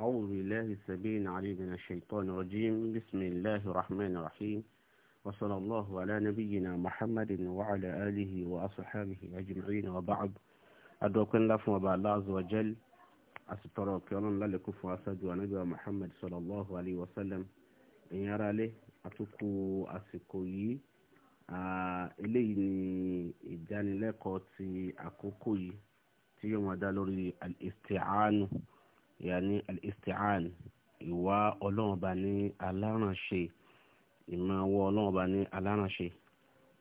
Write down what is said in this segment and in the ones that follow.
أعوذ بالله السبيل العليم من الشيطان الرجيم بسم الله الرحمن الرحيم وصلى الله على نبينا محمد وعلى آله وأصحابه أجمعين وبعد أدوكن لفن وبع الله عز وجل أسترى كيانا لكم فأسد ونبي محمد صلى الله عليه وسلم إن يرى له أتوكو أسكوي eléyìí ni ìdánilẹ́kọ̀ọ́ ti àkókò yìí tí yàní al-isti'an ìwà ọlọ́run ọba ní alárànṣe ìmọ̀ ọwọ́ ọlọ́run ọba ní alárànṣe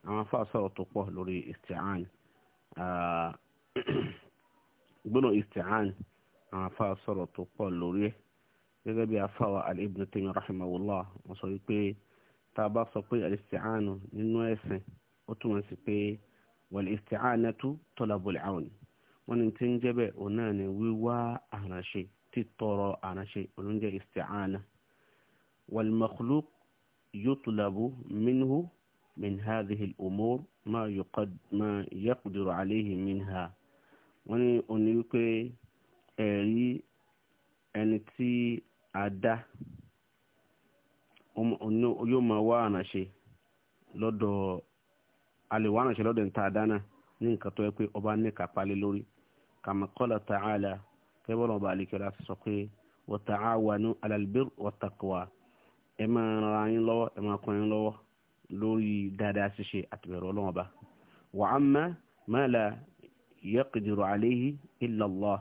àwọn afáà sọ̀rọ̀ tó pọ̀ lórí isti'an gbọ́nà isti'an àwọn afáà sọ̀rọ̀ tó pọ̀ lórí ẹ̀ gẹ́gẹ́ bí afáà al-Ibn Taymiyyah rahimahullah wọ́n sọ wípé tá a bá sọ pé al-isti'an nínú ẹ̀sìn ó túmọ̀ sí pé wal-isti'anatu talabul awn wọ́n ní tí ń jẹ́ bẹ́ẹ̀ òun náà ni wíwá àrànṣe títọrọ àránṣe oníjẹ isti'ana wal makhluq yutlabu minhu min hadhihi al-umur ma yuqad ma yaqdiru alayhi minha wọ́n ní oní wípé ẹ̀rí ẹni tí a dá yóò máa wá àránṣe lọ́dọ̀ alèwà àránṣe lọ́dọ̀ ní tá a dá náà ní nǹkan tó yẹ pé ọba ní kápálẹ́ lórí kama qala ta'ala kẹ́bọ́n ọba àlekẹ́lá sọ pé wa ta'awanu 'alal birri wattaqwa ẹ máa ra yín lọ́wọ́ ẹ máa kọ́ yín lọ́wọ́ lórí dáadáa ṣíṣe àtìbẹ̀rẹ̀ ọlọ́wọ́n ba wa amma ma la yaqdiru 'alayhi illa Allah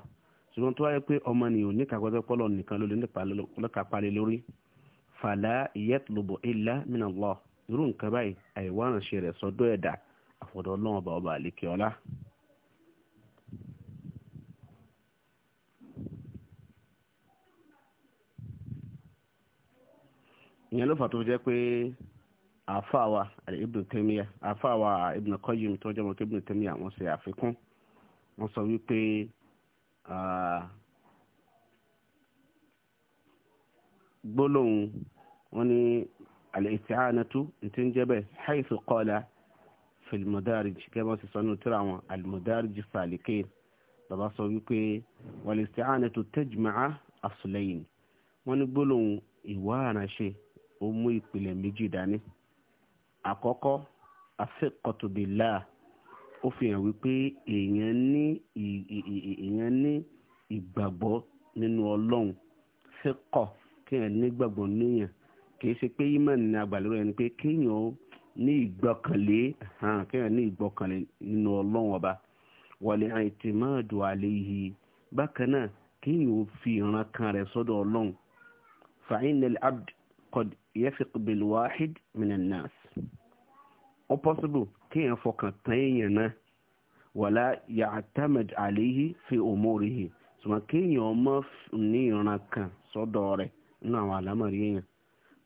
ṣùgbọ́n tó wáyé pé ọmọ nìyẹn ní kàkọ́tẹ́ pọ́lọ̀ nìkan ló lè nípa palẹ̀ lórí fala yatlubu illa min Allah irú nǹkan báyìí àìwáránṣẹ́ rẹ̀ sọ́dọ̀ ẹ̀dá àfọ̀dọ̀ ọlọ́wọ́n ba ọba àlekẹ́ọ́lá ìyẹn ló fà tó jẹ́ pé àáfàá wa ibn tẹ́míyà àáfàá wa ibn Qayyim tó jẹ́ mọ́ pé ibn tẹ́míyà wọ́n ṣe àfikún wọ́n sọ wípé gbólóhùn wọn ni al-isti'anatu tí ń jẹ́ bẹ́ẹ̀ haythu qala fil madarij sì sọ́nù tíra wọn al-madarij bàbá sọ wípé wal-isti'anatu tajma'a asulayin wọ́n gbólóhùn ìwà àránṣe omu mú ìpìlẹ̀ méjì dání àkọ́kọ́ afẹ́kọ̀tòbílà ó fi hàn wípé èèyàn ní èèyàn ní ìgbàgbọ́ nínú ọlọ́run fẹ́kọ̀ kéèyàn nígbàgbọ́ níyàn kìí ṣe pé imán ní agbàlérò pé kéèyàn ní ìgbọ́kànlé hàn ní ìgbọ́kànlé nínú ọlọ́run ọba wọlé àìtìmọ́ọ̀dù àléyìí bákan náà kéèyàn fi ìran kan rẹ̀ sọ́dọ̀ ọlọ́run قد يثق بالواحد من الناس ó possible kéèyàn fọkàn tán èèyàn náà wàlá ya'tamad alayhi fi umurihi ṣùgbọ́n kéèyàn ọmọ ní ìran kan sọ́dọ̀ rẹ̀ nínú àwọn àlámọ̀rí èèyàn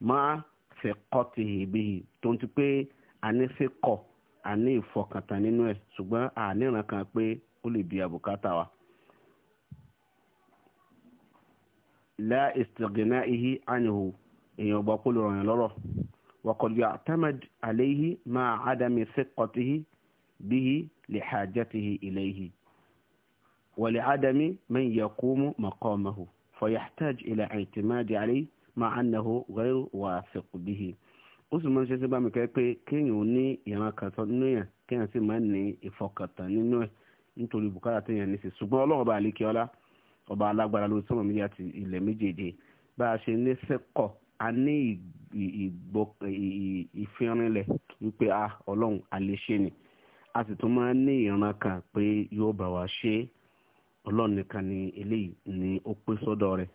máa thiqatihi bihi tó ń ti pé àníṣekọ̀ àní ìfọkàntán a ẹ̀ ṣùgbọ́n kan pé ó lè bí àbùkátà wa. la èèyàn gbọ́ kó lè ràn yàn lọ́rọ̀ waqad yu'tamad alayhi ma'a adami thiqatihi bihi li hajatihi ilayhi wa li adami man yaqumu maqamahu fayahtaj ila i'timadi alayhi ma'a annahu ghayru wathiq bihi ó sì máa ń ṣe sí bámi kẹ́ pé kéèyàn ní ìran kàtọ́ nínú yẹn kéèyàn sì máa ń ní ìfọkàntán nínú ẹ̀ nítorí bùkátà téèyàn ní sí ṣùgbọ́n ọlọ́run ọba àlékè ọba alágbára lórí sọ́mọ̀ méjì àti ilẹ̀ méjèèjì bá a ṣe ní sẹ́kọ̀ọ́ a ní ìfirinlẹ̀ wípé a ah, ọlọ́run a ọlọrun ṣe ni a sì tún máa ń ní ìran kan pé yóò bá wa ṣe ọlọrun nìkan ni eléyìí ni ó pé sọ́dọ̀ rẹ̀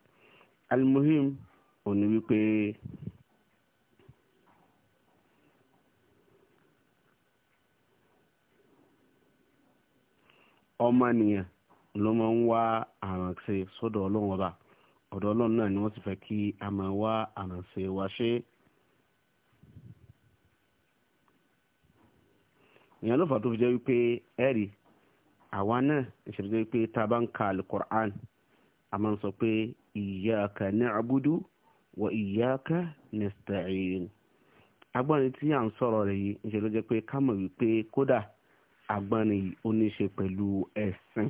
almuhim ó ní wípé ọmọnìyàn ló máa ń wá àrànṣe sọ́dọ̀ ọlọ́run ọba. ọ̀dọ̀ ọlọ́run náà ni wọ́n ti fẹ́ kí a máa wá àrànṣe wa ṣe. ìyẹn ló fà tó fi jẹ́ wípé ẹ̀rí àwa náà ìṣẹ̀lẹ̀ jẹ́ wípé tá a bá ń ka alukur'an a máa ń sọ pé iyyaka na'budu wa iyyaka nasta'in. agbọ́nrin tí à ń sọ̀rọ̀ rẹ̀ yìí ìṣẹ̀lẹ̀ jẹ́ pé ká mọ̀ wípé kódà agbọ́nrin yìí ó ní í ṣe pẹ̀lú ẹ̀sìn.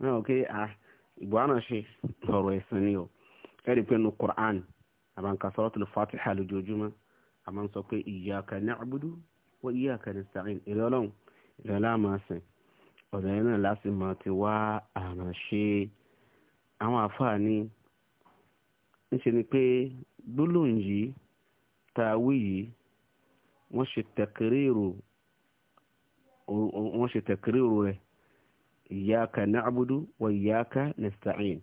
náà ó ké ah ìbùhánà ṣe ọ̀rọ̀ ẹ̀sìn ni o ẹ̀rí pé nu Qur'an àbànkà suratul Fatiha lójoojúmọ́ àmọ́ sọ pé iyyaka na'budu wa iyyaka nasta'in ìrẹ́ ọlọ́run ìrẹ́ láàmásìn ọ̀dọ̀ yẹn náà láti mọ̀ ti wá àránṣe àwọn àfààní ńṣe ni pé ìyáka na'budu wa ìyáka nasta'in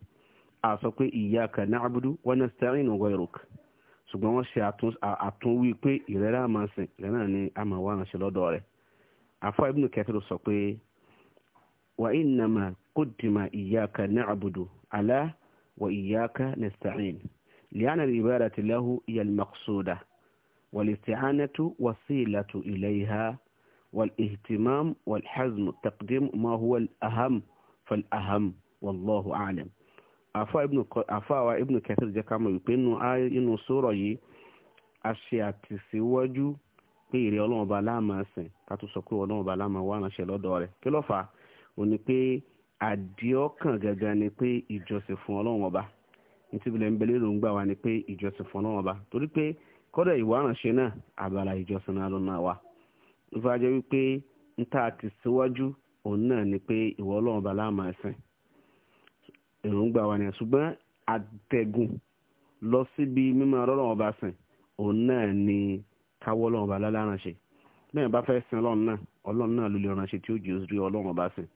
a sọ pé ìyáka na'budu wa nasta'in ghayruk ṣùgbọ́n wọ́n ṣe àtúnwí pé ìrẹ́rẹ́ àmàṣe ìrẹ́ náà ni a máa wá ránṣẹ́ lọ́dọ̀ rẹ̀ afọ ibnu kathir sọ pé wa innama quddima iyyaka na'budu ala wa iyyaka nasta'in li'anna al-ibadatu maqsuda wal-isti'anatu wasilatu ilayha والاهتمام والحزم تقديم ما هو الأهم فالأهم والله أعلم afa ibnu afa wa ibnu kathir jẹ́ ká mọ̀ wípé inú inú sọ̀rọ̀ yìí a ṣe àtìsíwájú pé èrè ọlọ́run ọba láàmà sìn ká tó sọ pé ọlọ́run ọba láàmà wà ránṣẹ́ lọ́dọ̀ rẹ̀ kí ló fà á ò ní pé àdìọ́kàn gangan ni pé ìjọsìn fún ọlọ́run ọba nítìbílẹ̀ ń bẹ lérò ń gbà wá ni pé ìjọsìn fún ọlọ́run ọba torí pé kọ́dọ̀ ìwà ránṣẹ́ náà abala ìjọsìn náà ló náà wà ló fà jẹ́ wípé n tá a ti síwájú òun náà ni pé ìwọ ọlọ́run bá láàmú ẹsẹ̀ èròǹgbà wa ni ṣùgbọ́n àtẹ̀gùn lọ síbi mímọ ọlọ́run ọba sìn òun náà ni káwọ́ ọlọ́run ọba láláránṣẹ́ bẹ́ẹ̀ bá fẹ́ sin ọlọ́run náà ọlọ́run náà ló lè ránṣẹ́ tí ó jù rí ọlọ́run ọba sìn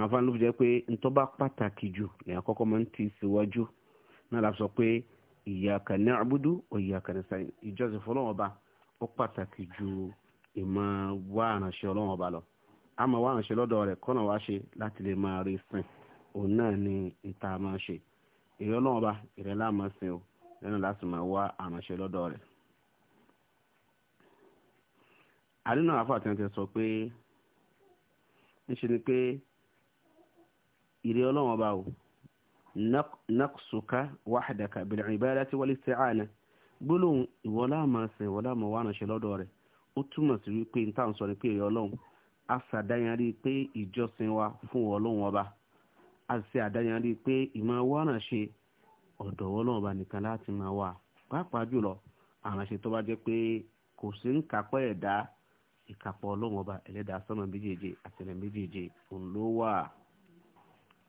àǹfààní ló fi jẹ́ pé ntọ́ pàtàkì jù ní àkọ́kọ́ máa ń ti síwájú náà la sọ pé iyyaka na'budu wa iyyaka nasta'in ìjọsìn fọlọ́run ọba ó pàtàkì jù ìmọ̀ wá àránṣẹ́ ọlọ́run ọba lọ a máa wá àránṣẹ́ lọ́dọ̀ rẹ̀ kọ́nà wá ṣe láti lè máa rí sìn òun náà ni ìta máa ṣe èrè ọlọ́run ọba ìrẹ́ láàmú sìn o lẹ́nu láti máa wá àránṣẹ́ lọ́dọ̀ rẹ̀. àdínà sọ pé ni pé ọlọ́run ọba o gbólóhùn máa sìn máa wá àránṣẹ́ lọ́dọ̀ rẹ̀ ó túmọ̀ sí wípé n táwọn sọ ni pé èrè ọlọ́run a ṣàdáyanrí pé ìjọsìn wa fún ọlọ́run ọba a ṣe àdáyanrí pé ìmọ̀ wọ́nà ṣe ọ̀dọ̀ ọlọ́run ọba nìkan láti máa wà pàápàá jùlọ àránṣe tó bá jẹ́ pé kò sí ń kápẹ́ ẹ̀dá ìkápọ̀ ọlọ́run ọba ẹlẹ́dàá sọ́nà méjèèje àtẹ̀lẹ̀ méjèèje òun ló wà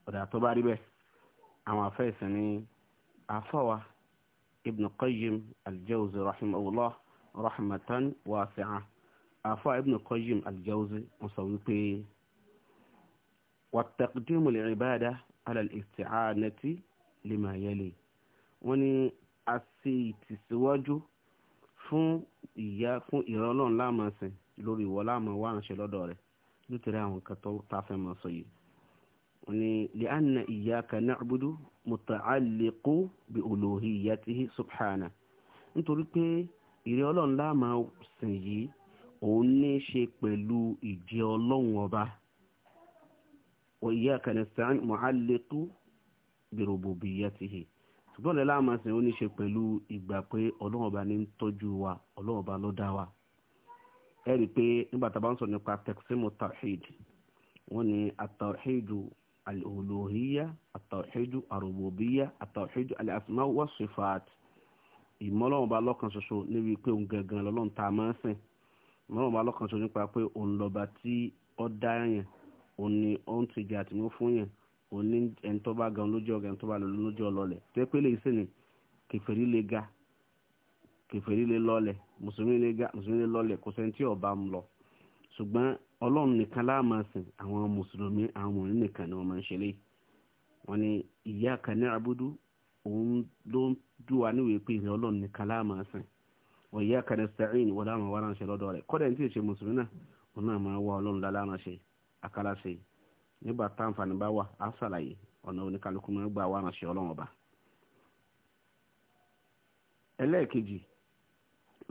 ọ̀dà tó bá rí bẹ́ẹ̀ àwọn afẹ́ ìsìn ní afọ́wa Ibn Qayyim al-Jawzi rahimahullah rahmatan wasi'a afa ibn qayyim al-jawzi wọ́n sọ wípé wàtàkùdìmù lè ìbáadá alàlìsìánẹ́tì lè máa yẹlẹ̀ wọ́n ní a ṣe ìtìsíwájú fún ìyá fún ìrọlọ́run láàmọ̀sìn lórí ìwọ láàmọ̀ wà ránṣẹ́ lọ́dọ̀ rẹ̀ nítorí àwọn kan tó ta fẹ́ máa sọ yìí wọ́n ní lè iyyaka na'budu muta'alliqu bi uluhiyyatihi subhana nítorí pé ìrẹ́ ọlọ́run la máa sìn yìí òun ní í ṣe pẹ̀lú ìjẹ́ ọlọ́run ọba òye kanistan muhalliqu bi rububiyyatihi ṣùgbọ́n ìrẹ́ la sìn òun ní í ṣe pẹ̀lú ìgbà pé ọlọ́run ọba ní ń tọ́jú wa ọlọ́run ọba ló wa ẹ rí i pé nígbà tá a bá ń sọ nípa ìmọ̀lọ́wọ́n ba lọ́kan ṣoṣo níbi pé òun gangan lọ́lọ́run tá a máa ń sìn ìmọ̀lọ́wọ́n ba lọ́kan ṣoṣo nípa pé òun lọ́ba tí ó dá yẹn òun ni ó ń tìjà àti mú fún yẹn òun ní ẹni tó bá gan lójú ọ̀gá ẹni tó bá lọ lójú ọlọ́lẹ̀ tó yẹ pé lè sìn ní kẹfẹ́rí lè ga kẹfẹ́rí lè lọ́lẹ̀ mùsùlùmí lè ga mùsùlùmí lè lọ́lẹ̀ kò sẹ́ni tí ọba ń lọ ṣùgbọ́n ọlọ́run nìkan la máa sìn àwọn mùsùlùmí àwọn mùsùlùmí nìkan ni wọ́n máa ń ṣe lé wọn ni iyyaka na'budu òun ló ń dù wá níwèé pé ìrìn ọlọ́run ní kálámà sìn wọ̀nyí àkàdé wọ́n dáhùn wá ránṣẹ́ lọ́dọ̀ rẹ̀ kọ́dẹ̀ ní tí ì mùsùlùmí náà òun náà máa wá ọlọ́run lálẹ́ ránṣẹ́ àkàlàṣe nígbà táǹfààní bá wà á ṣàlàyé ọ̀nà oníkálukú máa gbà wá ránṣẹ́ ọlọ́run ọba. ẹlẹ́ẹ̀kejì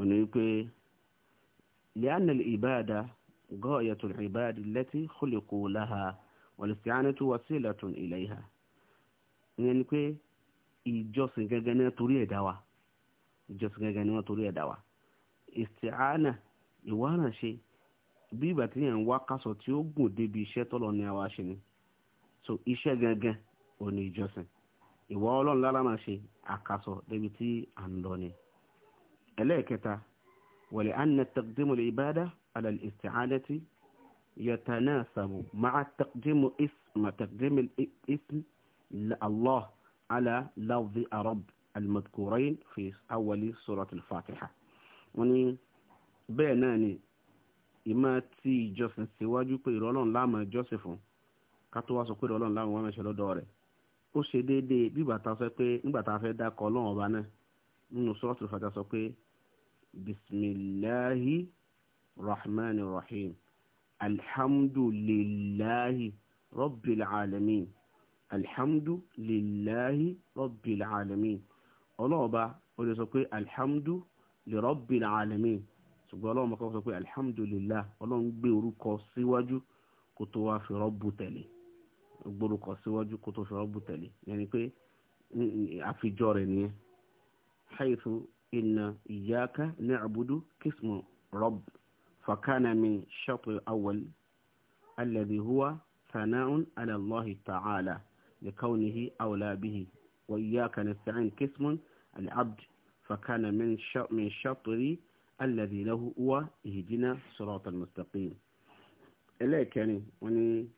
òní wípé li'anna al-ibada ghaayatu ibadi allati khuliqu laha wal ìjọsìn gẹ́gẹ́ ní torí ẹ̀dá wa ìjọsìn gẹ́gẹ́ ní wọ́n torí ẹ̀dá wa ìsìtìhánà ìwárà ṣe bí ìgbà tí yẹn ń wá kásọ tí ó gùn débi iṣẹ́ tọ́lọ ní àwa ṣe ni so iṣẹ́ gẹ́gẹ́ ò ní ìjọsìn ìwà ọlọ́run lára máa ṣe àkàsọ débi tí à ń lọ ni ẹlẹ́ẹ̀kẹta wàlẹ̀ anna taqdimu al-ibada ala al-isti'anati yatanasabu ma'a taqdimu ism taqdimu على لفظ الرب المذكورين في أول سورة الفاتحة وني بيناني ìmọ̀ tí ìjọsìn síwájú pé ìrọ̀lọ́run láàmú ìjọsìn fún ká tó wá sọ pé ìrọ̀lọ́run láàmú wọn mẹ́sẹ̀ lọ́dọ̀ rẹ̀ ó ṣe déédéé bígbà tá a sọ pé nígbà tá a fẹ́ dákọ̀ ọlọ́run ọba náà nínú sọ́ọ̀tù fàtà sọ pé bisimilahi rahmanir rahim alhamdulilahi rabbil alamin alhamdu lillahi rabbil alamin ọlọ́ọ̀ba ó lè sọ pé alhamdu li rabbil alamin ṣùgbọ́n ọlọ́run kan sọ pé alhamdulillah ọlọ́run gbé orúkọ síwájú kó tó wá fi rọ́bù tẹ̀lé gbórúkọ síwájú kó tó fi rọ́bù tẹ̀lé yẹni pé àfijọ́ rẹ̀ nìyẹn haythu inna iyyaka na'budu kismu rob fakana min shatr awwal alladhi huwa thana'un ala allahi ta'ala. لكونه أولى به وإياك نستعين كسم العبد فكان من من شطري الذي له هو إهدنا صراط المستقيم إليك يعني وني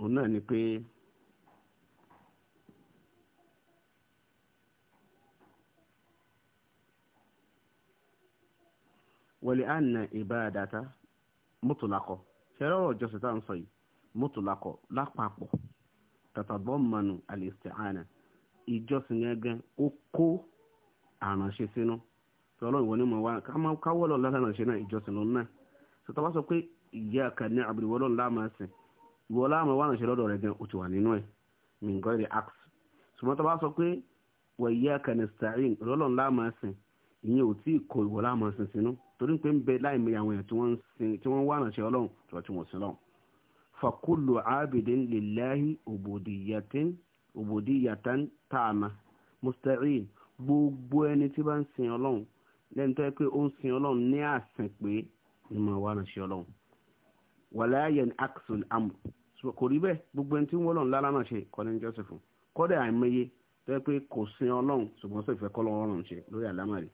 هنا نقي ولأن إبادة مطلقة شرور جسدان صي مطلقة لا قاقو tàtàbọ́mọ̀nù àlèsìtìhánà ìjọsìn gẹ́gẹ́ ó kó àránṣe sínú tọ́lọ́ ìwọ ni mo wá káwọ́ lọ látàránṣe náà ìjọsìn lọ náà sọtọ́ bá sọ pé ìyá kàní àbúrúwọ́lọ́ lámàásìn ìwọ láàmú wà ránṣẹ́ lọ́dọ̀ rẹ̀ gan ó ti wà nínú ẹ̀ ìyẹn ò tí ì kó ìwọ lámàásìn torí pé ń bẹ láì mẹyàwó yẹn tí wọ́n wá ránṣẹ́ ọlọ́run tí sí fakulu abidin lillahi obodiyatan taama musta'in gbogbo ẹni tí bá ń sin ọlọ́run lẹ́nu tó yẹ pé ó ń sin ọlọ́run ní àsìn pé ni mo wà ránṣẹ́ ọlọ́run wàlá yẹn axel amr kò rí bẹ́ẹ̀ gbogbo ẹni tí ń wọ́lọ́run lára náà ṣe kọ́ni joseph kọ́dà àìmọye tó yẹ pé kò sin ọlọ́run ṣùgbọ́n sì fẹ́ kọ́lọ́ ọ̀run ṣe lórí àlámàrí.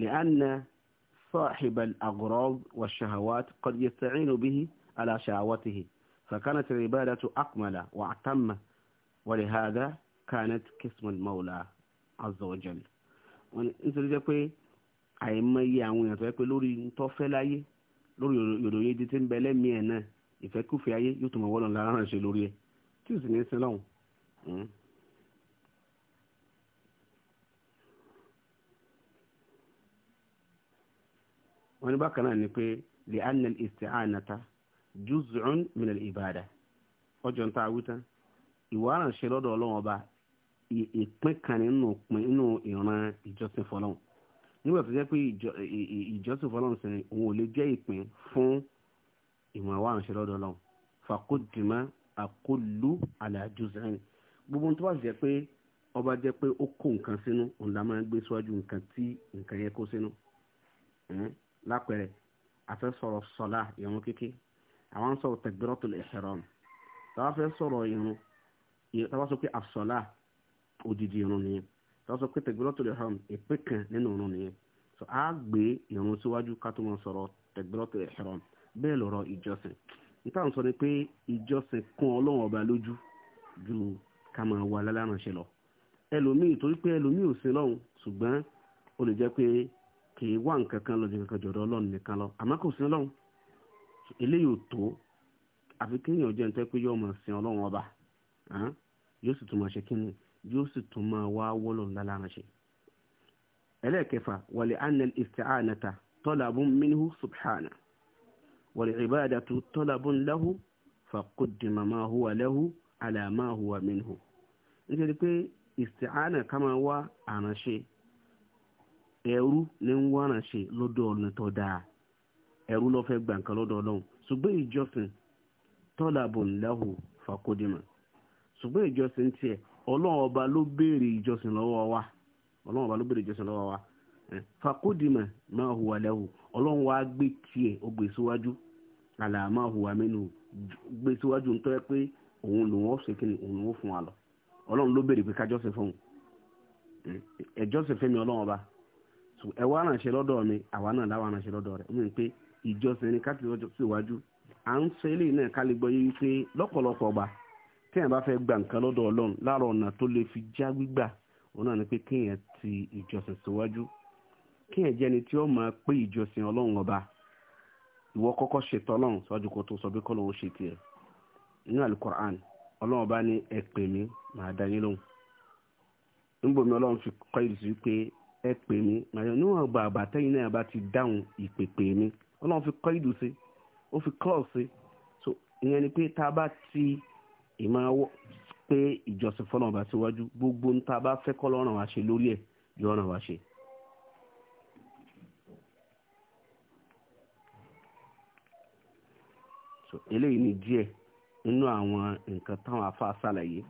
lẹ́ànà hmm? صاحب الأغراض والشهوات قد يستعين به على شهوته فكانت العبادة أكمل وأتم ولهذا كانت كسم المولى عز وجل nítorí jẹ́ pé àìmọye àwọn èèyàn tó yẹ pé lórí ntọ́fẹ́ láyé lórí yòròyìn ibi tí ń bẹ lẹ́mìí náà ìfẹ́kùfẹ́ ayé yóò tó mọ̀ wọ́lọ́ ńlá ránṣẹ́ lórí ẹ̀ tí ò sì ní í wọ́n ní bákan náà ni pé lè anna isti'anata juz'un min al-ibada ọjọ́ ń ta awítán ìwà aránṣẹ́ lọ́dọ̀ ọlọ́run ọba ìpín kan nínú ìpín nínú ìran ìjọsìn fọlọ́run nígbà tó jẹ́ pé ìjọsìn fọlọ́run sì ni òun ò lè jẹ́ ìpín fún ìmọ̀ ìwà aránṣẹ́ lọ́dọ̀ ọlọ́run fàkódìmọ́ àkólú àlàjùsìn gbogbo tó bá jẹ́ pé ọba jẹ́ pé ó kó nǹkan sínú òun la máa ń gbé síwájú nǹkan tí nǹkan yẹ kó sínú hmm? lápẹẹrẹ a fẹ́ sọ̀rọ̀ sọ̀lá ìrun kíkí àwọn ń sọ̀rọ̀ takbiratul ihram tàwa fẹ́ sọ̀rọ̀ ìrun tàwa sọ pé àsọ̀lá òdìdí ìrun nìyẹn tàwa sọ pé takbiratul ihram ìpín kan nínú ìrun nìyẹn sọ á gbé ìrun síwájú ká tó máa sọ̀rọ̀ takbiratul ihram bẹ́ẹ̀ lọ̀rọ̀ ìjọsìn nípa àwọn sọ ni pé ìjọsìn kún ọlọ́run ọba lójú ju ká máa wà lálàránṣẹ́ lọ ẹlòmíì torí pé ẹlòmíì ò sin lọ́hùn ṣùgbọ́n ó lè jẹ́ pé kì í wá nǹkan kan lọ ju nǹkan jọ̀dọ̀ ọlọ́run nìkan lọ àmọ́ kò sí ọlọ́run eléyìí ò tó àfi kéèyàn jẹ́ nítorí pé yóò máa sin ọlọ́run ọba yóò sì tún máa ṣe kíni yóò sì tún máa wá wọ́lọ̀ ńlá lára ṣe. ẹlẹ́ẹ̀kẹfà wàlẹ̀ anel isti'anata tọ́làbùn minhu subhana wàlẹ̀ ibadatu tọ́làbùn lahu fàkùdìmà máa huwa lahu àlà máa nítorí pé isti'ana ká wá àránṣe ẹrú ní ń wá ránṣẹ́ lọ́dọ̀ ọ̀nà tó dáa ẹrú gbanka fẹ́ gbà nǹkan lọ́dọ̀ ọlọ́run ṣùgbọ́n ìjọsìn tọ́làbùn lahu fàkódìmà ṣùgbọ́n ìjọsìn tiẹ̀ ọlọ́run ọba ló béèrè ìjọsìn lọ́wọ́ wa ọlọ́run ọba ló béèrè ìjọsìn wa fàkódìmà máa hùwà lahu ọlọ́run wa gbé tiẹ̀ ó gbé síwájú àlà máa hùwà mẹ́nu gbé síwájú ń tọ́ pé òun ṣe so ẹ wá ránṣẹ́ lọ́dọ̀ mi àwa náà láwa ránṣẹ́ lọ́dọ̀ rẹ̀ mú pé ìjọsìn ni ká ti sí iwájú à ń sọ eléyìí náà ká lè yìí pé ọba téèyàn bá fẹ́ gba nǹkan lọ́dọ̀ ọ̀nà tó lè fi já gbígbà òun náà ni ti ìjọsìn síwájú kéèyàn tí ó máa pé ìjọsìn ọba ìwọ ṣètò síwájú kó tó sọ pé ṣe ọba ẹ pè mí ẹ pè mí màdìmọ̀ níwọ̀n gba àbàtẹ́yìn náà bá ti dáhùn ìpèpè mi ọlọ́run fi kọ́ ìdù sí ó fi klọ́ọ̀ sí so ìyẹn ni pé tá a bá ti ìmọ̀ pé ìjọsìn fọ́nà ọba síwájú gbogbo ń tá a bá fẹ́ kọ́ lọ́rùn wa ṣe lórí ẹ̀ yóò ràn wá ṣe. so eléyìí ni díẹ̀ nínú àwọn nǹkan táwọn afa ṣàlàyé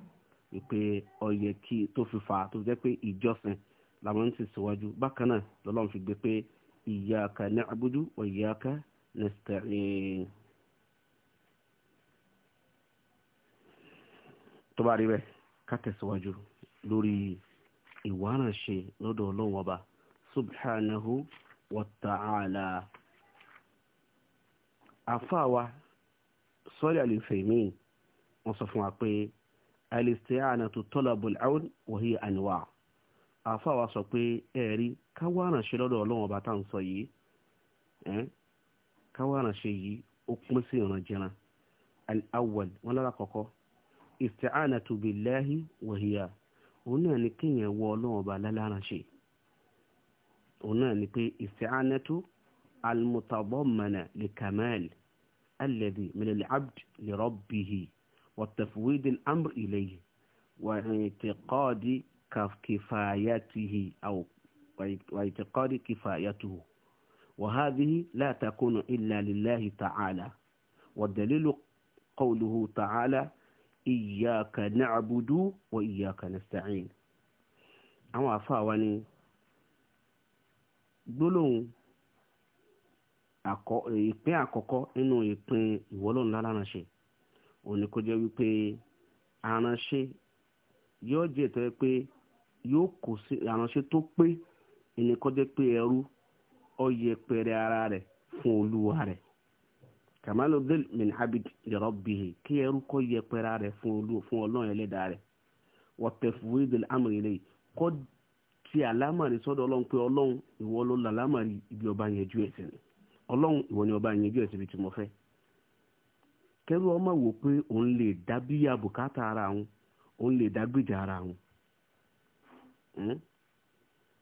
wípé ó yẹ kí tó fi fa tó jẹ́ pé ìjọsìn làwọn ń sì síwájú bákan náà lọ́lọ́run fi gbé pé iyyaka na'budu wa iyyaka nasta'in. tó bá rí bẹ́ẹ̀ ká tẹ̀síwájú lórí ìwáránṣe lọ́dọ̀ ọlọ́run ọba subhanahu wa ta'ala àfáàwa sọ́lẹ̀ àlùfẹ̀mí wọ́n sọ fún wa pé al-isti'anatu talabul awn wa hiya àfa wa sọ ẹ pé ẹ̀rí káwá àrànṣe lọ́dọ̀ ọlọ́wọ́n ọba tá à ń sọ yìí káwá àrànṣe yìí ó pín sí ìrànjẹran al-awwal wọn lára kọ̀kọ́ isti'anatu billahi wa hiya òun náà ni kéèyàn wọ ọlọ́wọ́n ọba lálárànṣe òun náà ni pé isti'anatu al-mutadammana likamal alladhi min al-abd li rabbihi wa tafwid al-amr ilayhi wa i'tiqadi. كفايته أو واعتقاد كفايته وهذه لا تكون إلا لله تعالى والدليل قوله تعالى إياك نعبد وإياك نستعين àwọn àfáàwa ni gbólóhùn ìpín àkọ́kọ́ nínú ìpín ìwọ́lọ́run láláránṣẹ́ òun ni kó jẹ́ wípé aránṣẹ́ yóò jẹ́ tọ́ pé yóò kò sí ìránṣẹ́ tó pé ìníkọ́jẹ́ pé ẹrú ó yẹpẹrẹ ara rẹ̀ fún olúwa rẹ̀ kàmáàlú dhil min abid li kí ẹrú kó yẹpẹrẹ ara rẹ̀ fún ọlọ́run ẹlẹ́dàá rẹ̀ wa tafwidil amri ilayhi kó ti àlámàrí sọ́dọ̀ ọlọ́run pé ọlọ́run ìwọ ló la ibi ọba yẹn ju ọlọ́run ìwọ ni ọba yẹn ju bí mo fẹ́. kẹ́rù ọmọ wò pé òun lè dá Eh?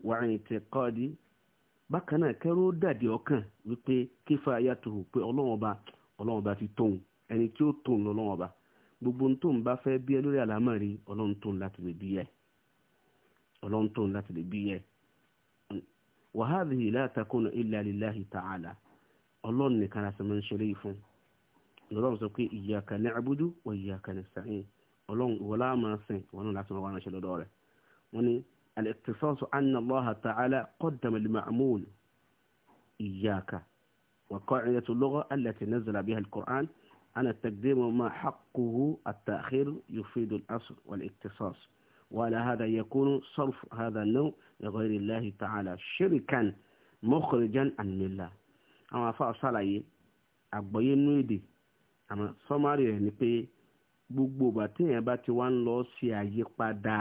wàrìn ìtẹ̀kọ́ọ̀dì bákan náà kẹ́rù ó dàdí ọkàn wípé kífà ayàtòhùn pé ọlọ́wọ́n ọba ọlọ́wọ́n ọba ti tóun ẹni tí ó tóun lọ́wọ́n ọba gbogbo ohun tó bá fẹ́ bí ẹ lórí àlámà rí ọlọ́run tóun láti lè bí ọlọ́run tóun láti lè bí ta'ala ọlọ́run nìkan láti yìí fún wa الاقتصاص أن الله تعالى قدم المعمول إياك وقاعدة اللغة التي نزل بها القرآن أن التقديم ما حقه التأخير يفيد الأصل والاقتصاص وعلى هذا يكون صرف هذا النوع لغير الله تعالى شركا مخرجا عن الله أما فأصلي أي nú èdè أما sọ́márì rẹ̀ ni باتي وان ìgbà téèyàn bá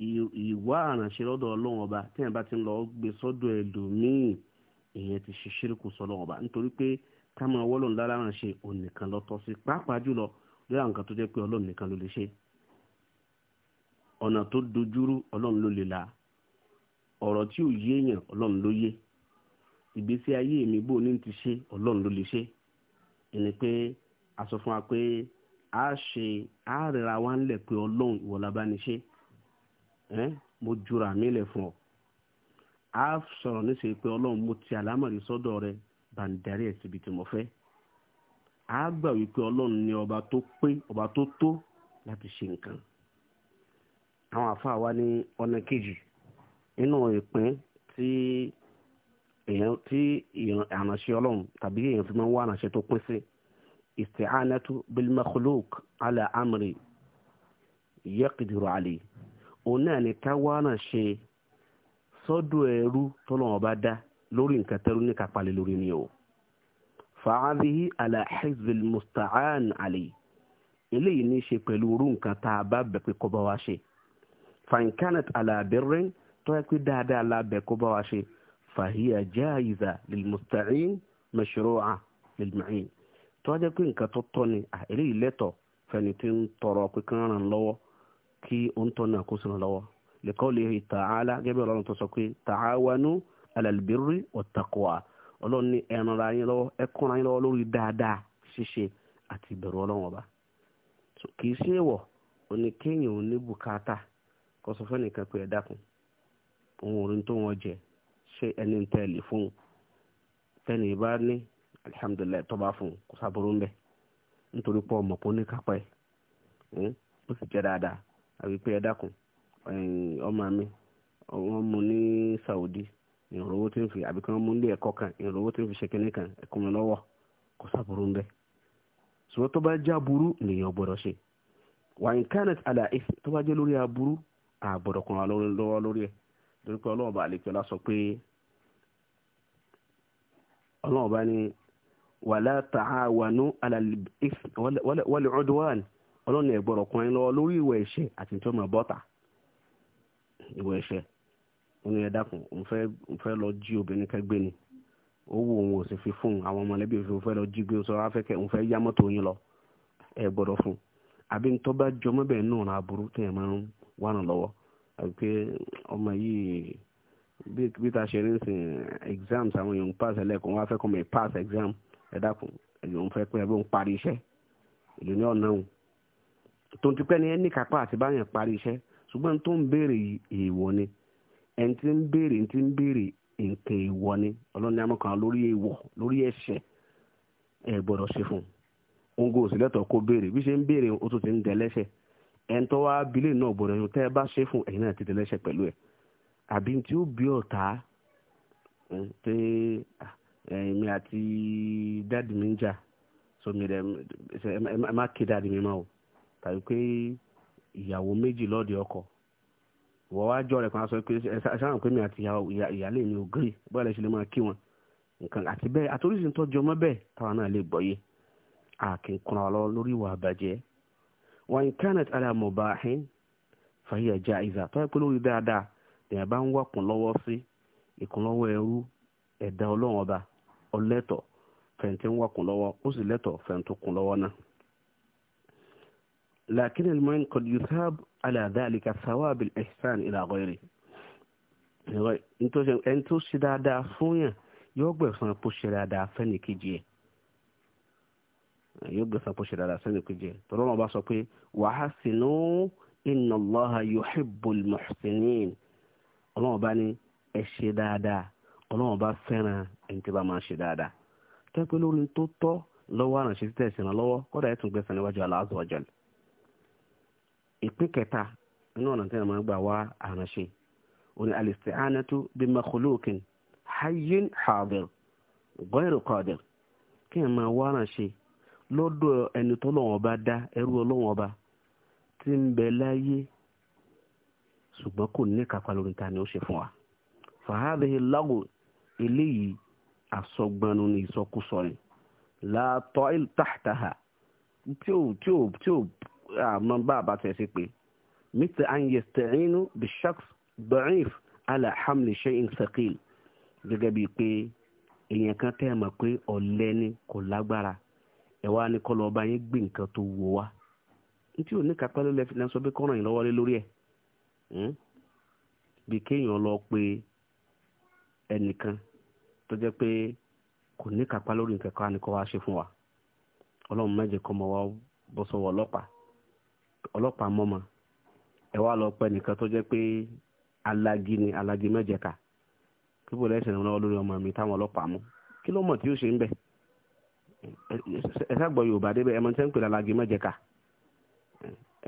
ìwá àrànṣe lọ́dọ̀ ọlọ́run ọba tí èèyàn bá ti ń lọ gbé sọ́dọ̀ ẹlòmíì èèyàn ti ṣe ṣírìkù sọ́lọ́run ọba nítorí pé ká máa wọ́lọ̀ ńlá láranṣe ònìkan lọ́tọ́ sí pàápàá jùlọ lórí àwọn nǹkan tó jẹ́ pé ọlọ́run nìkan ló lè ṣe ọ̀nà tó dojúrú ọlọ́run ló lè la ọ̀rọ̀ tí ò yé èèyàn ọlọ́run ló yé ìgbésí ayé mi bó ní ti ṣe ọlọ́run ló lè ṣe ẹni pé a sọ fún wa pé a ṣe a rẹra wa ń lẹ̀ pé ọlọ́run ìwọ la ṣe ẹ́ mo jura mi lẹ̀ fún ọ. a sọ̀rọ̀ níṣẹ́ pé ọlọ́run mo ti àlámọ̀rí sọ́dọ̀ rẹ bàǹdarí ẹ̀ síbi tí mo fẹ́. a gbà wípé ọlọ́run ni ọba tó pé ọba tó tó láti ṣe nǹkan. àwọn àfa wa ní ọ̀nà kejì nínú ìpín tí èèyàn tí àránṣẹ́ ọlọ́run tàbí èèyàn fi máa ń wá àránṣẹ́ tó pín sí isti'anatu bil makhluq ala amri yaqdiru alayhi òun náà ni ká wá náà ṣe sọ́dọ̀ ẹrú tọ́lọ́wọ́n bá dá lórí nǹkan tẹ́rú ní kápálẹ̀ lórí ni o. fàáhàbíhí aláhẹ́sìbìl musta'an àlè eléyìí ní í ṣe pẹ̀lú orú nǹkan tá a bá bẹ̀ pé kó bá wa ṣe. fankanet alábẹ́rẹ́ tó yẹ pé dáadáa lábẹ́ kó bá wa ṣe fàhíyà jáàyìzà lilmusta'in mashru'a lilmu'in tó yẹ pé nǹkan tó tọ́ ni eléyìí lẹ́tọ̀ fẹ́ni tí ń tọrọ pé kán ràn lọ́wọ́ kí òǹtọ́ náà kó sọ̀rọ̀ lọ́wọ́ liqawlihi ta'ala gẹ́gẹ́ ọlọ́run tó sọ pé ta'awanu alal birri wattaqwa ọlọ́run ní ẹ̀rànra yín lọ́wọ́ ẹ̀kúnra yín lọ́wọ́ lórí dáadáa ṣíṣe àti ìbẹ̀rù ọlọ́run ọba kì í ṣe é wọ̀ òní kéèyàn ò ní bùkátà kó sọ fún ẹnìkan pé ẹ dákun òun òrin tó wọn jẹ ṣé ẹni ń tẹ́ fún un tẹ́ni ní alihamudulilayi tó fún kó sábúrú ń bẹ̀ nítorí pé ọmọ kò ní kápẹ́ hmm, ó sì jẹ́ dáadáa àbí pé ẹ dákun ọmọ mi wọ́n mú ní Saudi ìrànlọ́wọ́ tí ń fi àbí kí wọ́n mú nílé ẹ̀kọ́ kan ìrànlọ́wọ́ tí ń fi ṣe kínní kan ẹ̀kọ́ mi lọ́wọ́ kò sábúrú ń bẹ́ ṣùgbọ́n tó bá jẹ́ aburú nìyẹn gbọ́dọ̀ ṣe wàyí kánẹt àlàyé tó bá jẹ́ lórí aburú àgbọ̀dọ̀ kan lọ́wọ́ lórí ẹ̀ torí pé ọlọ́wọ́ bá àlejò ọlá sọ pé ọlọ́wọ́ bá ní wàlá ta'awanu alal ismi wal udwan ọlọ́run ẹ̀gbọ́rọ̀ kan ẹ lọ́wọ́ lórí ìwẹ̀ ẹ̀ṣẹ̀ àti tó bọ́tà ìwẹ̀ ẹ̀ṣẹ̀ wọn ni ẹ òun fẹ́ lọ jí obìnrin kẹgbé ni ó wù òun ò sì fi fún un àwọn mọ̀lẹ́bí òfin òun fẹ́ lọ jí gbé sọ afẹ́kẹ́ òun fẹ́ yá mọ́tò yín lọ ẹ gbọ́dọ̀ fún un àbí tó bá jọmọ́ bẹ́ẹ̀ náà ra tí máa ń wà lọ́wọ́ ọmọ yìí bí ta ṣe exam èèyàn ń fẹ́ pé bí parí iṣẹ́ ní tó ni ẹni pari àti báyẹn parí iṣẹ́ tó ń béèrè ni ẹni tí ń béèrè ẹni tí ń béèrè nǹkan ni ọlọ́ni amọ̀kan lórí èèwọ̀ lórí ẹ̀ṣẹ̀ ẹ gbọ́dọ̀ ṣe fún un òun ṣe ń béèrè ti ń dẹlẹ́ṣẹ̀ ẹni tó wá abilé náà gbọ́dọ̀ yun tẹ́ ẹ bá ṣe fún ẹ̀yin náà ti dẹlẹ́ṣẹ̀ pẹ̀lú ẹ̀ àbí tí ó bí ọ̀tá pé èmi mi ń jà sómi ẹ o. tàbí pé ìyàwó méjì ọkọ wọ́n wá jọ rẹ̀ kan sọ pé ẹ pé mi àti ìyàlẹ́ mi ò gírì ṣe lè máa kí wọn nǹkan àti bẹ́ẹ̀ àtòrísì ń tọ́jú ọmọ bẹ́ẹ̀ táwa náà lè gbọ́yé lórí ìwà ala tọ́ pé lórí dáadáa bá ń wá kùn lọ́wọ́ sí ìkùnlọ́wọ́ ẹ̀dá ọlọ́run ọba ọlẹ́tọ̀ fẹ̀ǹtì ń wá kùn lọ́wọ́ ó sì لكن المؤمن قد يثاب على ذلك ثواب الإحسان إلى غيره ẹni tó ṣe dáadáa fún yàn yóò gbẹ̀san bó ṣe dáadáa fẹ́nìkejì ẹ̀ yóò gbẹ̀san bó ṣe dáadáa fẹ́nìkejì ẹ̀ tọ́lọ́ náà bá sọ pé wa hasinu inna Allaha yuhibbul muhsinin ọlọ́run bá ní ẹ ṣe dáadáa ọlọ́run bá fẹ́ràn ẹni tí bá máa ṣe dáadáa tẹ́pẹ́ lórí tó tọ́ lọ́wọ́ àrùn ṣe títẹ̀ ìṣẹ̀ràn lọ́wọ́ kọ́dà ẹ̀ tún gbẹ̀san níwájú Allah azza wa jalla ìpín kẹta inú ọ̀nà tí a máa gbà wá àránṣe òní al-isti'anatu bi makhluqin hayyin hadir ghayru qadir kí ẹ máa wá àránṣe lọ́dọ̀ ẹni tó lọ́wọ́ bá dá ẹrú ọlọ́wọ́ bá tí ń bẹ láyé ṣùgbọ́n kò ní kápá lórí ta ni ó ṣe fún wa lágò eléyìí àsọgbanu ni ìsọkúsọ ni tí ò tí ò tí ò àmọ́ bá a bá tẹ̀ sí pé mítà an yasta'inu bi shakhs da'if ala hamli shay'in thaqil gẹ́gẹ́ bíi pé èèyàn kan tẹ́ ẹ̀ mọ̀ pé ọ̀lẹ ni kò lágbára ẹ̀ wá ní kọ́lọ́ ọba yẹn gbé nǹkan tó wọ wá ní tí ò ní kápẹ́ ló lẹ́fi náà pé kọ́ràn yìí lọ́wọ́ lé lórí ẹ̀ hmm? bí kéèyàn lọ pé ẹnìkan tó jẹ́ pé kò ní kápá lórí nǹkan kan á ní wá ṣe fún wa ọlọ́run mẹ́jẹ kọ́ mọ́ wa bọ́ ọlọ́pàá ọlọ́pàá mọ́mọ́ ẹ wá lọ pẹ́ nìkan tó jẹ́ pé alagi ni alagi mẹ́jẹ̀ka kíbo lẹ́sìn ìrànlọ́ lórí ọmọ mi táwọn ọlọ́pàá mú kí ló mọ̀ tí ó ṣe ń bẹ̀ ẹ sàgbọ́ yorùbá débẹ̀ ẹ tí ń pè alagi mẹ́jẹ̀ka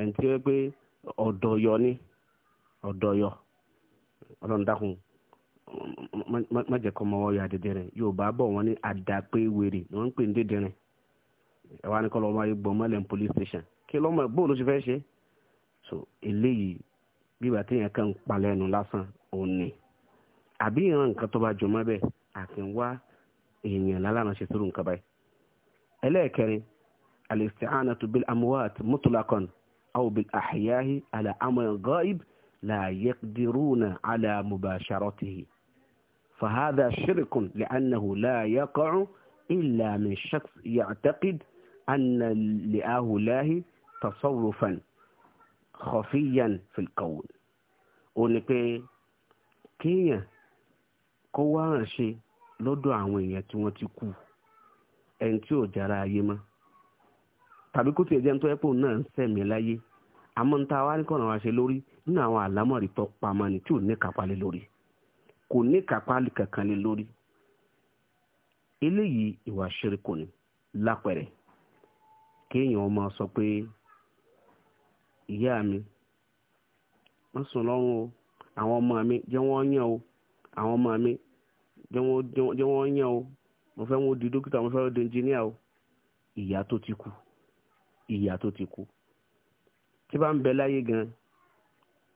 ẹ̀ ń tí ó pé ọ̀dọ̀yọ ni ọ̀dọ̀yọ ọlọ́run dákun mọ̀jẹ̀kọ́ mọ́wọ́ yọ àdédé rẹ̀ yorùbá bọ̀ wọ́n ní àdàpé ni wọ́n ń pè ní dédé rẹ̀ wá ní kọ́ lọ́wọ́ máa gbọ́ mọ́lẹ̀ police station kí lọ́mọ bó ló ṣe fẹ́ ṣe so eléyìí bíbá téèyàn kàn ń palẹ́nu lásán òní àbí ìran nǹkan tó bá jọmọ́ bẹ́ẹ̀ àti wá èèyàn lálànà ṣe sórí nǹkan báyìí ẹlẹ́ẹ̀kẹrin al-isti'anatu bil amwat mutlaqan aw bil ahyahi ala amrin ghaib la yaqdiruna ala mubasharatihi فهذا شرك لأنه لا يقع إلا من شخص يعتقد أن لآه الله tasawrufan khafiyan في qawl ó ní pé kéèyàn kó wá hàn ṣe lọ́dọ̀ àwọn èèyàn tí wọ́n ti kú ẹni tí ò jára ayé mọ́ tàbí kó tiẹ̀ jẹ́ nítorí pé òun náà ń sẹ̀mí láyé àmọ́ ń ta wá ní kọ̀ọ̀nà wa ṣe lórí nínú àwọn àlámọ̀rí tó pamọ́ ni tí ò ní kápá lé lórí kò ní kápá kankan lé lórí eléyìí ìwà ṣerékò ni lápẹ̀rẹ̀ kéèyàn máa sọ pé ìyá mi wọ́n sùn lọ́rùn o àwọn ọmọ mi jẹ́ wọ́n yàn o àwọn ọmọ mi jẹ́ wọ́n yàn o mo fẹ́ wọn di dókítà mo fẹ́ wọn di ẹnjìníà o ìyá tó ti kú ìyá tó ti kú tí bá ń bẹ láyé gan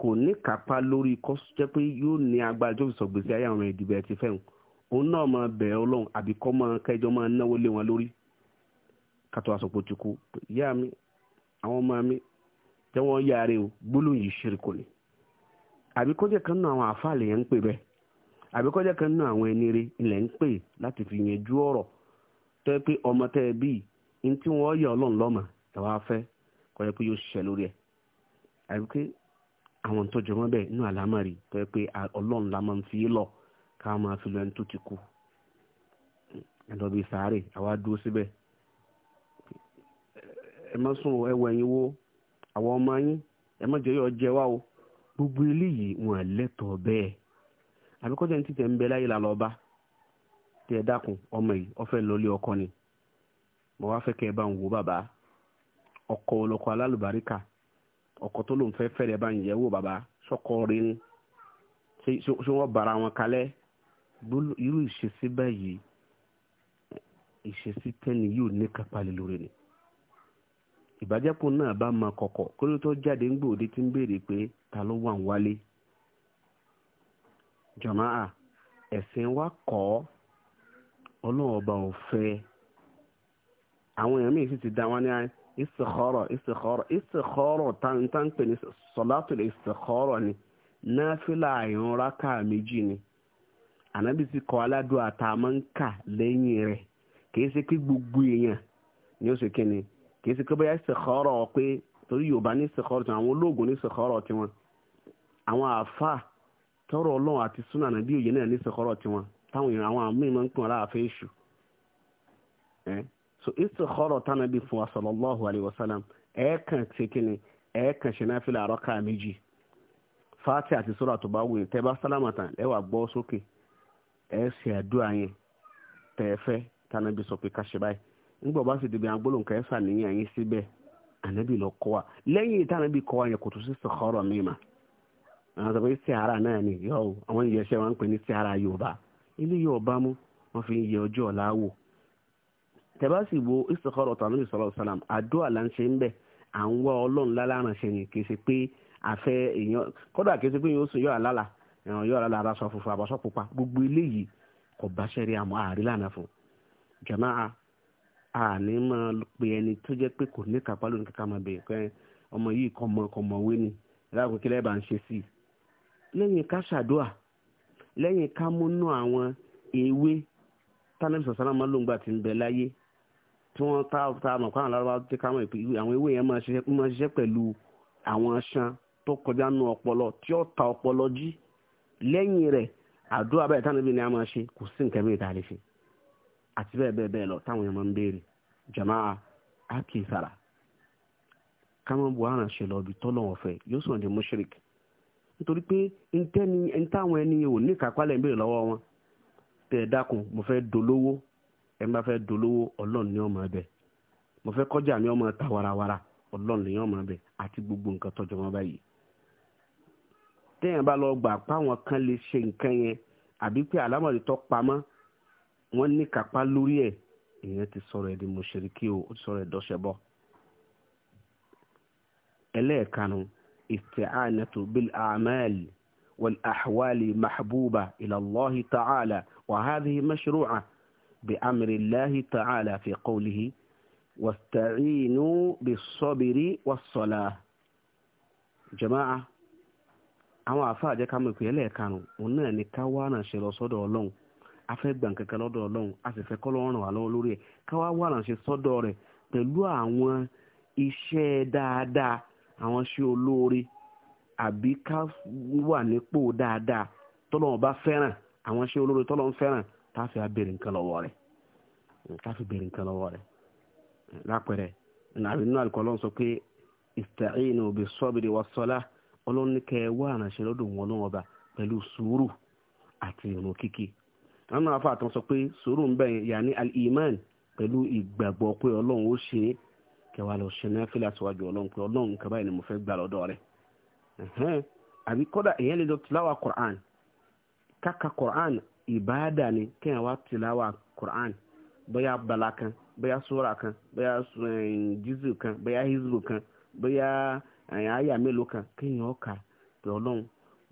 kò ní kápá lórí kọ́sù jẹ́ pé yóò ní agbára tó fi sọ̀gbèsí ayé àwọn ìdìbò ẹ̀ ti fẹ́hùn òun náà máa bẹ̀rẹ̀ ọlọ́run àbí kọ́ máa kẹjọ máa náwó lé wọn lórí kátó aṣọ pòtùkù ìyá mi àwọn ọmọ mi tí wọ́n yáre o gbólóhùn yìí ṣírkù ni àbí kọjá kan nù àwọn yẹn ń pè bẹ́ẹ̀ àbí kọjá kan nù àwọn ẹni ilẹ̀ ń pè láti fi yẹn ju ọ̀rọ̀ tó yẹ pé ọmọ tẹ́ ẹ bí i tí wọ́n yẹ ọlọ́run wá fẹ́ pé yóò ṣiṣẹ́ lórí ẹ̀ àbí pé àwọn tó jọmọ́ bẹ́ẹ̀ àlámàrí tó yẹ pé ọlọ́run la máa ń fi fi lọ ẹni tó ti kú àwọn ọmọ yín ẹ má jẹ́ yọ jẹ wá o gbogbo eléyìí wọn lẹ́tọ̀ọ́ bẹ́ẹ̀ àbíkọ́jẹ́ ní títẹ̀ ń bẹ láyé lálọ́ ọba tẹ́ ẹ dákun ọmọ yìí ọfẹ́ lọlé ọkọ ni mo wá fẹ́ kẹ́ ẹ bá ń wo bàbá ọkọ olọkọ alálùbáríkà ọkọ tó lòun fẹ́ fẹ́rẹ̀ bá ń yẹ wò bàbá sọkọ rí ni ṣé wọ́n bara wọn kalẹ̀ irú ìṣesí báyìí ìṣesí tẹ́ni yóò ní kápálẹ̀ lórí ni. ìbájẹ́pọ̀ náà bá máa kọ̀kọ̀ kó ló tó jáde ń gbòde tí ń béèrè pé ta ló wà ń wálé jọ̀máà ẹ̀sìn wa kọ́ ọlọ́run ọba ò àwọn èèyàn míì sì ti da wọn ní istikhara istikhara istikhara táǹtàn pè ní sọlátùl ni náfìlà àyànra ká méjì ni ànábì ti kọ́ aládùn gbogbo èèyàn ni ó kì í ṣe pé bóyá ṣèkọ́rọ̀ pé torí yorùbá ní ṣèkọ́rọ̀ tiwọn àwọn olóògùn ní ṣèkọ́rọ̀ tiwọn àwọn àáfà tọrọ ọlọ́run àti súnà nàbí òye náà ní ṣèkọ́rọ̀ tiwọn táwọn èèyàn àwọn àmì máa ń pè wọn láàfin èṣù ẹ so ìṣèkọ́rọ̀ tánàbí fún wa sallallahu alaihi wasallam ẹ̀ẹ̀kan ṣe kíni ẹ̀ẹ̀kan ṣe náà fìlà àrọ́kà méjì fati àti sọ́rọ̀ àtọ̀bá wò yín tẹ́ bá sálámà nígbà bá sì dìbò àgbọ̀lò nǹkan ẹ̀fà nìyẹn yín síbẹ̀ ànábì lọ kọ́ wa lẹ́yìn ìta ànábì kọ́ wa yẹn kò tún sí sọ̀kọ́rọ̀ mi mà àwọn sọ pé sihara náà ni yọ o àwọn ìyẹsẹ̀ wọn ń pè ní sihara yorùbá ilé yorùbá mú wọn fi ń yẹ ọjọ́ ọ̀la wò tẹ́bá sì wo ìsọ̀kọ́rọ̀ tàbí ìsọ̀rọ̀ sàlám àdó àlà ń ṣe ń bẹ̀ à ń wá ọlọ́run láláràn ṣe yìí kì í ṣe pé àfẹ́ èèyàn kódà kì í ṣe pé àní máa pe ẹni tó jẹ́ pé kò ní kápá lónìí kíkà máa bẹ̀rẹ̀ pé ọmọ yìí kò mọ kò mọ̀wé ni láàbò kí lẹ́ẹ̀bà ń ṣe sí i. lẹ́yìn ká ṣàdúà lẹ́yìn ká múnú àwọn ewé tánàbí sọ̀sánà máa ló ń gbà tí ń bẹ láyé tí wọ́n tá a mọ̀ káwọn lárúbá tí ká mọ̀ àwọn ewé yẹn máa ṣiṣẹ́ pẹ̀lú àwọn aṣan tó kọjá nù ọpọlọ tí ó ta ọpọlọ jí lẹ́yìn rẹ̀ àdúrà báyìí tánàbí ni a máa ṣe kò sí nǹkan mìíràn tá a lè ṣe. àti bẹ́ẹ̀ bẹ́ẹ̀ bẹ́ẹ̀ lọ táwọn èèyàn máa ń béèrè jamaa a kì í kámọ́ buhari ṣe lọ ibi tọ́lọ̀ ọ̀fẹ́ yóò sọ̀rọ̀ di mushrik nítorí pé ntẹ́ni ntáwọn ẹni ò ní kápálẹ̀ ń béèrè lọ́wọ́ mo fẹ́ dolówó ẹ fẹ́ dolówó ọlọ́run ní ọmọ ẹbẹ mo fẹ́ kọjá mi ọmọ ta warawara ọlọ́run ní ọmọ ẹbẹ àti gbogbo nǹkan tọ́jú ọmọ báyìí bá lọ gbà kan lè wọ́n ní kápá lórí ẹ̀ èèyàn ti sọ̀rọ̀ ẹ̀ di mùṣírikí o ó ti sọ̀rọ̀ ẹ̀ dọ́ṣẹbọ. ẹlẹ́ẹ̀kanu isti'anatu bil a'mal wal ahwali mahbuba ila Allahi ta'ala wa hadhihi mashru'a bi amri Allahi ta'ala fi qawlihi wasta'inu bis-sabri was-salah. jama'a àwọn àfa àjẹkámọ̀ ìpínlẹ̀ kanu òun náà ni káwa náà ṣe lọ sọ́dọ̀ ọlọ́run a fẹ́ gbà kankan lọ́dọ̀ ọlọ́run a sì fẹ́ kọ́lọ́ ràn wá lọ́wọ́ lórí ẹ̀ káwá wà ránṣẹ́ sọ́dọ̀ rẹ̀ pẹ̀lú àwọn iṣẹ́ dáadáa àwọn iṣẹ́ olóore àbí ká wà nípò dáadáa tọ́lọ́run bá fẹ́ràn àwọn iṣẹ́ olóore tọ́lọ́run fẹ́ràn tá a fi béèrè nǹkan lọ́wọ́ rẹ̀ hmm, tá a fi nǹkan lọ́wọ́ rẹ̀ hmm, lápẹ̀rẹ̀ nínú àlùkọ́lọ́run sọ pé ìsítàìnù àwọn afa àtàn sọ pé sùúrù ń bẹ̀ yàní al-iman pẹ̀lú ìgbàgbọ́ pé ọlọ́run ó ṣe é kẹwàá lọ ṣe náà fílà síwájú ọlọ́run pé ọlọ́run nǹkan báyìí ni mo fẹ́ gbà lọ́dọ̀ rẹ̀ àbí kódà èèyàn lè lọ tìláwà Qur'an káka Qur'an ìbáàdà ni kéèyàn wá tìláwà Qur'an bóyá abala kan bóyá sóra kan bóyá eh, jízù kan bóyá hizbu kan bóyá eh, àyà mélòó kan kéèyàn ó pé ọlọ́run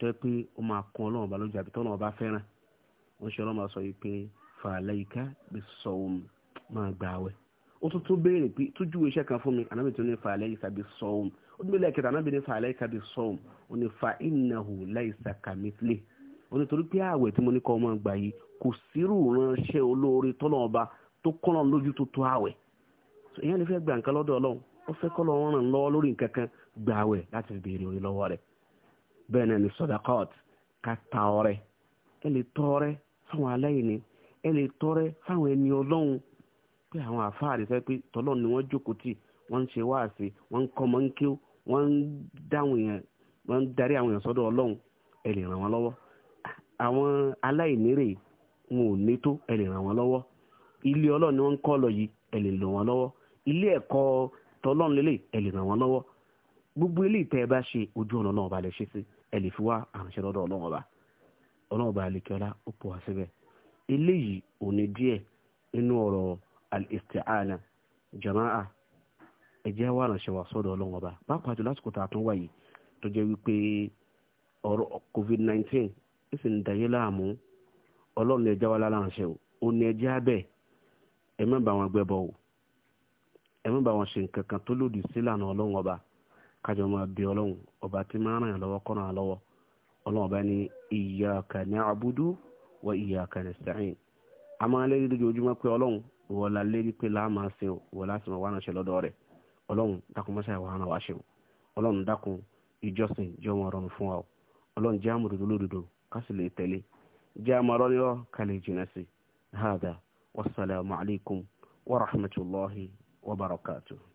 tó yẹ pé ó máa kún ọlọ́run ọba lójú àbí tọ́lọ́run ọba fẹ́ràn wọ́n ṣe ọlọ́run sọ yìí pé fàlàyíká bí sọ̀hún máa gbà wẹ̀ ó tún tún béèrè pé tójú iṣẹ́ kan fún mi ànábì tó ní fàlàyíká bí sọ̀hún ó tún bí lẹ́ẹ̀kẹta ànábì ní fàlàyíká bí sọ̀hún ó ní fa ìnáhù láìsà kàmítlẹ̀ ó ní torí pé ààwẹ̀ tí mo ní kọ́ ọmọ gbà yìí kò sírù ránṣẹ́ olóore tọ́lọ́run ọba tó kọ́nà lójú tó tó ààwẹ̀ èèyàn lè fẹ́ gbà nǹkan lọ́dọ̀ ọlọ́run ó fẹ́ kọ́ lọ́run ràn lọ́wọ́ lórí nǹkan kan gbà ààwẹ̀ láti béèrè orí lọ́wọ́ rẹ̀ bẹ́ẹ̀ ni sọdakọt ká ta ọrẹ ẹ lè tọrẹ fáwọn aláìní ẹ lè tọrẹ fáwọn ẹni ọlọ́run pé àwọn àfáàrí fẹ́ pé tọ́lọ́ ni wọ́n jókòó tì wọ́n ń ṣe wáàsí wọ́n ń kọ́ mọ́ ń kí wọ́n ń dáwọn èèyàn wọ́n ń darí àwọn èèyàn sọ́dọ̀ ọlọ́run ẹ lè ràn wọ́n lọ́wọ́ àwọn aláìní rèé wọn ò ní tó ẹ lè ràn wọ́n lọ́wọ́ ilé ọlọ́run ni wọ́n ń kọ́ lọ yìí ẹ lè lò wọ́n lọ́wọ́ ilé ẹ̀kọ́ tọ́lọ́run lélẹ̀ ẹ lè ràn wọ́n lọ́wọ́ gbogbo eléyìí tẹ́ ẹ bá ṣe ojú ọ̀nà náà ọba lè ṣe sí i ẹ lè fi wá àránṣẹ́ lọ́dọ̀ ọlọ́run ọba ọlọ́run ọba àlekẹ́ọ́lá ó pọ̀ síbẹ̀ eléyìí ò ní díẹ̀ nínú ọ̀rọ̀ al jama'a ẹ wà wá àránṣẹ́ sọ́dọ̀ ọlọ́run ọba jù lásìkò tá a tún wáyé tó jẹ́ wípé ọ̀rọ̀ covid ń dayé láàmú ọlọ́run o abẹ́ bá wọn kájọ máa bí ọlọ́run ọba tí máa ràn yàn lọ́wọ́ kọ́ràn án lọ́wọ́ ọlọ́run ọba ní iyyaka na'budu wa iyyaka nasta'in a máa lérí lójoojúmọ́ pé ọlọ́run wọ́n la lérí pé láà máa wọ́n láti máa wá ránṣẹ́ lọ́dọ̀ rẹ̀ ọlọ́run dákun mọ́ṣáà wà wá ṣe ọlọ́run dákun ìjọsìn jẹ́ wọn rọrùn fún wa o ọlọ́run jẹ́ àmọ̀dodo lódodo ká lè tẹ̀lé jẹ́ àmọ̀rọ́nirọ́ ká lè jìnà sí i hada alaykum wa rahmatulahi wa barakatuh.